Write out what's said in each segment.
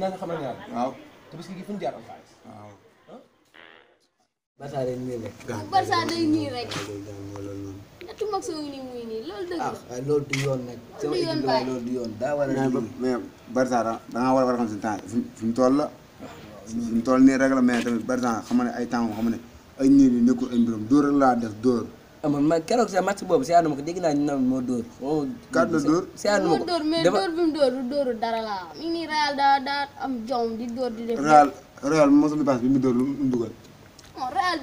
dinaa ko xamal ñaar. waaw te day nii rek. Barça mag soo nii muy nii loolu dëgg la. ah yoon nag. loolu du yoon a. mais Barça da ngaa war a war a xam si temps fi mu toll la. fi mu nii rek la mais tamit Barça xam ne ay temps xam ne ay nii nekkul ay mbiram dóor rek laa def dóor. amul ma keroog boobu si ànduma ko dégg naa ñu naan moo dóor. waaw oh, la dóor si ànduma ko dóor mais bi mu dóor du dóoru dara laa mi nii Real daa daa am jom di dóor di def. Real Real mosul passe la dóor moom. la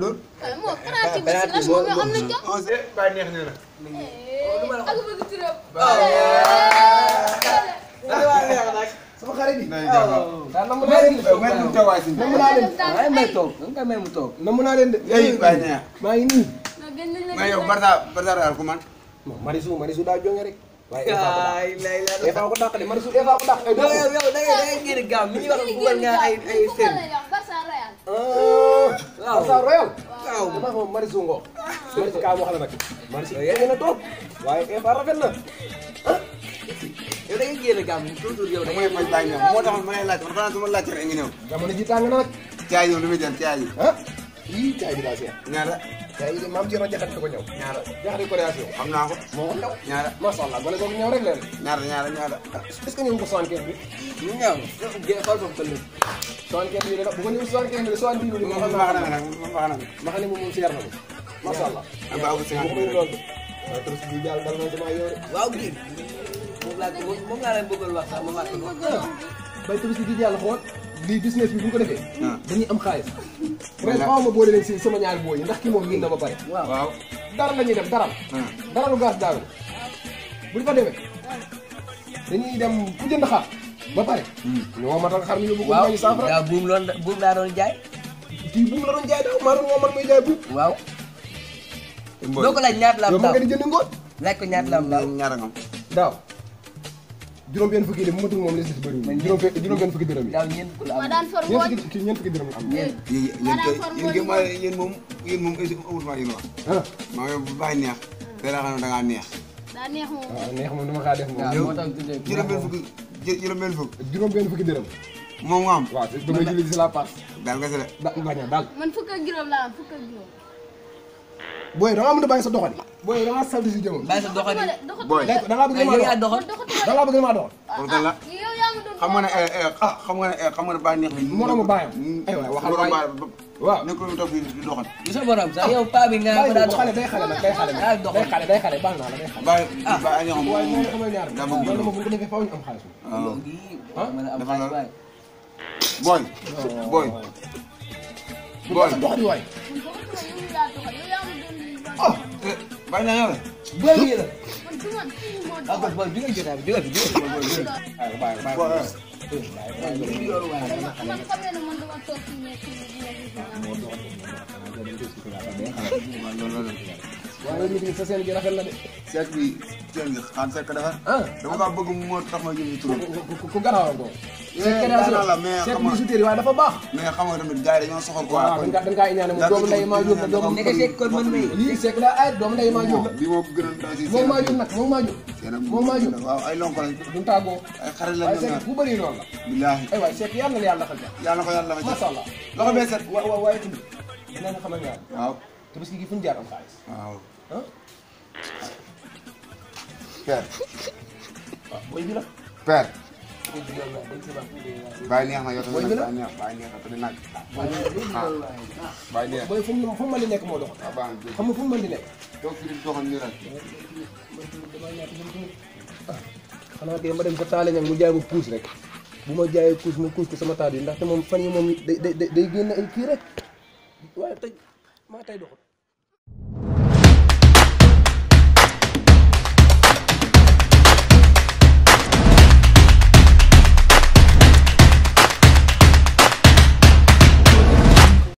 dóor. voilà moom si la moom am na jom. on sait bàyyi neex na la. Eh, oh, ak bëgg xare bi. waaw namu naa leen de. namu naa leen de waaye may toog nga may mu toog. namu naa leen de. eh waaye nee maa ngi nii. mais yow Barza Barza daal ku man. non Marisu Marisu daa jonge rek. waaye Eva ko dàq de Marisu Eva ko dàq. da ngay yow da ngay Ngo. Marisu Ka wax la nag. Marisu yéen a rafet na ah. yow da ngay génn gàmm toujours yow da ngay. damay bañ bàyyi moo taxoon ma lay laaj man xanaa su ma laajte rek nga ñëw. jamono ji tàng na nag. caay yow lu muy dem caay yi. ah yii caay bi daa seet. ñaara. caay yi maam ci rajo jaxat ko ñëw. ñaara jaxate ko réaction. xam naa ko moo ko ñëw. ñaara macha allah gone googu ñëw rek leen. ñaara ñaara ñaara. Ah, est-ce que ñëw ko 75 bi. ñu ñëw jéem xool foofu tëll. 75 bi de bu ko ñëw 75 bi 70 bi. moom baax na nag moom baax na nag. ma xam ne moom moom seer na ko. macha allah. ak baaxul 50 bi waaw trop bi jàll dal na sama yow waaw laajte moom laa leen bëggoon wax sax ma wàcc ko. bay tabaski gi yàlla xool lii business bi bu ñu ko defee. Ah. dañuy am xaalis. ren xaw ma boole leen si sama ñaari booy yi ndax ki moom ñun na ba pare. waaw dara la ñuy def dara. Ah. dara lu gaas daawul. bu ñu fa demee dañuy dem ku jënd xar ba pare. Hmm. ñu woomatal xar ñu bëgg. waaw waaw buum loon buum laa doon jaay. kii buum la doon jaay daaw maa doon woomal muy jaay buum. waaw. doo ko laaj ñaata la am daaw doo ko laaj ñaata la am daaw. laaj ko ñaata la am daaw. daaw. juróom benn fukki dërëm matul moom li ci des bëriwul juróom benn fukki dërëm yi daaw ñeent fukki la am ñeent fukki dërëm la am moom yéen moom awutuma yéen wax ma bu baax neex da la xam da nga neex da neex moom a ah, neex moom dama kaa def moom moo tax juróom benn fukki juróom benn juróom la passe daal nga sele daal man fukk ak juróom la am fukk ak juróom booy da nga am da bàyyi sa doxali booy da ngaa salté si jëmm. bàyyi sa doxali booy da ngaa bëgg maa doxal da ngaa bëgg maa doxal. Ah, kon la ah, xam nga ne eh, eh, ah xam nga ne eh, xam nga ne bàyyi neex nañu. moromu baayam mm, aywa waxal waay waaw nekkul ñu toog fii di doxal. gis nga borom sax yow paa bi nga ko daa doxal day xale nag day xale nag day xale day xale baal naa la day xale. bàyyi bàyyi ñoo ah. xam waaye moom dafa may ñaar daa bëgg ñu bu ko defee faaw ñu am xaalis. ah dafa la booy booy booy. bari na yow. booy bi la. ah kon booy bi nga jotaay bi jóge fi jóge fi booy bi. waaw waaw waaw waaw. waaw waaw waaw waaw waaye nit ñi sa seen gi rafet na de. seet bi seen gi xaan sekk defar. Ah. dama kaa bëgg moo tax ma jëm turam. ku ku garaaw ko. Eh, la mais xam nga seet waaye dafa baax. mais xam nga tamit gars yi dañoo soxal. quoi waaw ah, da nga kaa ñaan moom doomu ndey maa jóg la doomu. nekk seeg kon man may. lii seeg la ay doomu ndey maa jóg la. bii moom gënoon daal si moom maa jóg nag moom maa jóg. moom maa jóg waaw ay lonko lañ. du tàggoo ay xarit la ñu bu bëri loolu la. bilaahi ay waay seet yàlla na yàlla defal jàmm. yàlla ko yàlla defal jàmm macha allah. loxo bee set waaye tamit dinañ xamal ñaar. waaw tabaski gi fu ñu jaar am xaalis. waaw ah. père. waaw booy bi la. père. bàyyi neex na yow tamit nag bàyyi neex bàyyi neex na ah. nag. bàyyi neex booy fu mu fu mu mën nekk moo dox. Ah, xam nga fu mu di nekk. toog fii di doxal ñu xanaa kay ma dem fa taale ñam mu jaay ma puus rek bu ma jaayee puus mu puus ko sama taat yi ndaxte moom fan yi moom day day day génn ay kii rek waaye tey maa tey doxul.